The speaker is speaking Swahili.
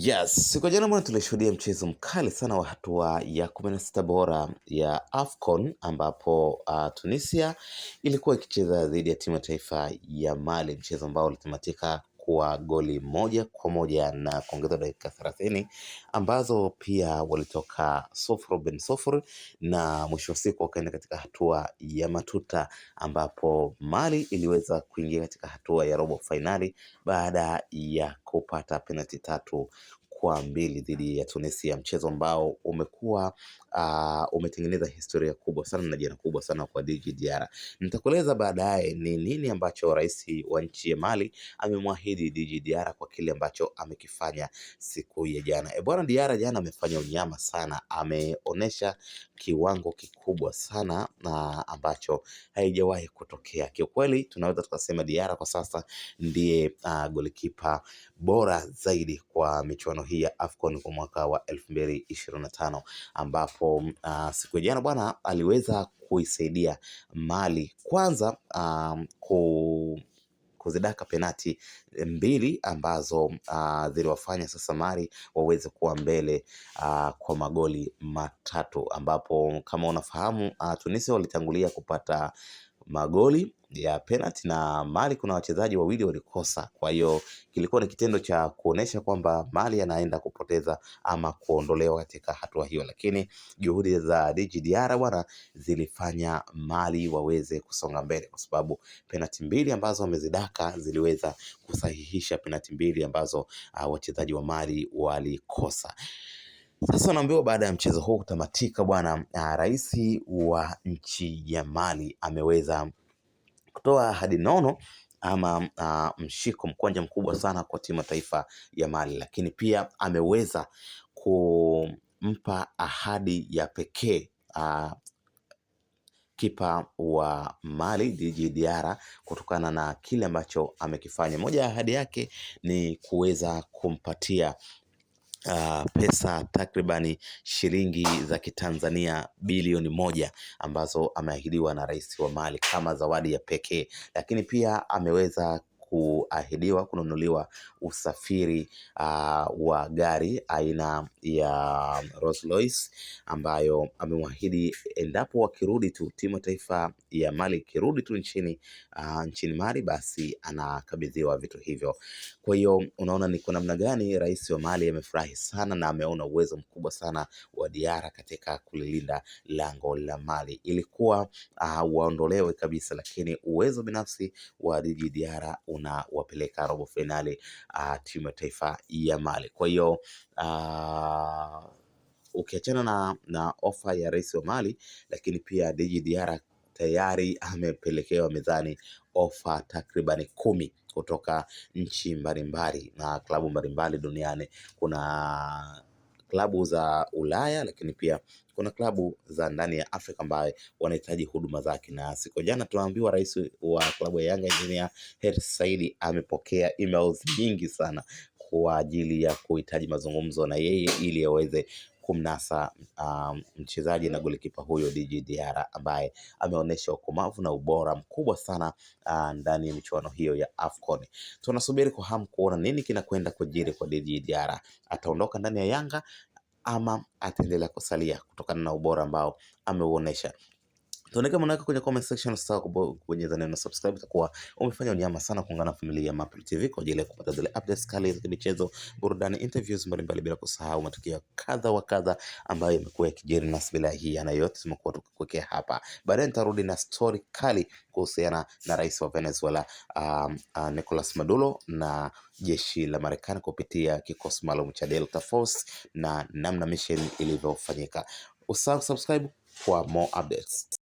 Yes, siku ya jana bwana, tulishuhudia mchezo mkali sana wa hatua ya kumi na sita bora ya AFCON ambapo uh, Tunisia ilikuwa ikicheza dhidi ya timu ya taifa ya Mali, mchezo ambao ulitamatika kwa goli moja kwa moja na kuongeza dakika thelathini ambazo pia walitoka sufuri bin sufuri na mwisho wa siku wakaenda katika hatua ya matuta ambapo Mali iliweza kuingia katika hatua ya robo fainali baada ya kupata penalti tatu kwa mbili dhidi ya Tunisia, mchezo ambao umekuwa uh, umetengeneza historia kubwa sana na jina kubwa sana kwa Djigui Diarra. Nitakueleza baadaye ni nini ambacho rais wa nchi ya Mali amemwahidi Djigui Diarra kwa kile ambacho amekifanya siku ya jana. E bwana, Diarra jana amefanya unyama sana, ameonyesha kiwango kikubwa sana na ambacho haijawahi kutokea kiukweli. Tunaweza tukasema Diarra kwa sasa ndiye uh, ah, golikipa bora zaidi kwa michuano hii ya AFCON kwa mwaka wa 2025 ambapo uh, siku ya jana bwana aliweza kuisaidia Mali kwanza um, ku kuzidaka penati mbili ambazo uh, ziliwafanya sasa Mali waweze kuwa mbele uh, kwa magoli matatu, ambapo kama unafahamu uh, Tunisia walitangulia kupata magoli ya penalty na Mali kuna wachezaji wawili walikosa. Kwa hiyo kilikuwa ni kitendo cha kuonesha kwamba Mali anaenda kupoteza ama kuondolewa katika hatua hiyo, lakini juhudi za Djigui Diarra bwana zilifanya Mali waweze kusonga mbele, kwa sababu penalty mbili ambazo wamezidaka ziliweza kusahihisha penalty mbili ambazo uh, wachezaji wa Mali walikosa. Sasa naambiwa baada ya mchezo huu kutamatika, bwana ah, rais wa nchi ya Mali ameweza kutoa hadi nono ama uh, mshiko mkwanja mkubwa sana kwa timu ya taifa ya Mali, lakini pia ameweza kumpa ahadi ya pekee uh, kipa wa Mali Djigui Diarra kutokana na kile ambacho amekifanya. Moja ya ahadi yake ni kuweza kumpatia uh, pesa takribani shilingi za kitanzania bilioni moja ambazo ameahidiwa na rais wa Mali kama zawadi ya pekee, lakini pia ameweza kuahidiwa kununuliwa usafiri uh, wa gari aina ya Rolls Royce ambayo amemwahidi endapo wakirudi tu timu ya taifa ya Mali ikirudi tu nchini, uh, nchini Mali basi anakabidhiwa vitu hivyo. Kwa hiyo unaona ni kwa namna gani rais wa Mali amefurahi sana na ameona uwezo mkubwa sana wa Diara katika kulilinda lango la Mali. Ilikuwa uh, waondolewe kabisa, lakini uwezo binafsi wa Djigui diara unawapeleka robo fainali uh, ah, timu ya taifa ya Mali. Kwa hiyo uh, ukiachana na, na ofa ya rais wa Mali, lakini pia Djigui Diarra tayari amepelekewa mezani ofa takribani kumi kutoka nchi mbalimbali na klabu mbalimbali duniani. Kuna klabu za Ulaya, lakini pia kuna klabu za ndani ya Afrika ambaye wanahitaji huduma zake. Na siku jana tunaambiwa rais wa klabu ya Yanga Engineer Hersi Said amepokea emails nyingi sana kwa ajili ya kuhitaji mazungumzo na yeye ili aweze kumnasa um, mchezaji na golikipa huyo Djigui Diarra ambaye ameonyesha ukomavu na ubora mkubwa sana uh, ndani ya michuano hiyo ya AFCON. Tunasubiri kwa hamu kuona nini kinakwenda kujiri kwa Djigui Diarra, ataondoka ndani ya Yanga ama ataendelea kusalia kutokana na ubora ambao ameuonesha. Tuandike maoni yako kwenye comment section, usisahau kubonyeza neno subscribe. Itakuwa umefanya unyama sana kuungana na familia ya Mapro TV kwa ajili ya kupata zile updates kali za michezo, burudani, interviews mbalimbali, bila kusahau matukio kadha wa kadha ambayo yamekuwa yakijiri, na bila hii yana yote tumekuwa tukikuwekea hapa. Baadaye nitarudi na story kali kuhusiana na rais wa Venezuela um, uh, Nicolas Maduro na jeshi la Marekani kupitia kikosi maalum cha Delta Force na namna mission ilivyofanyika. Usisahau subscribe kwa more updates.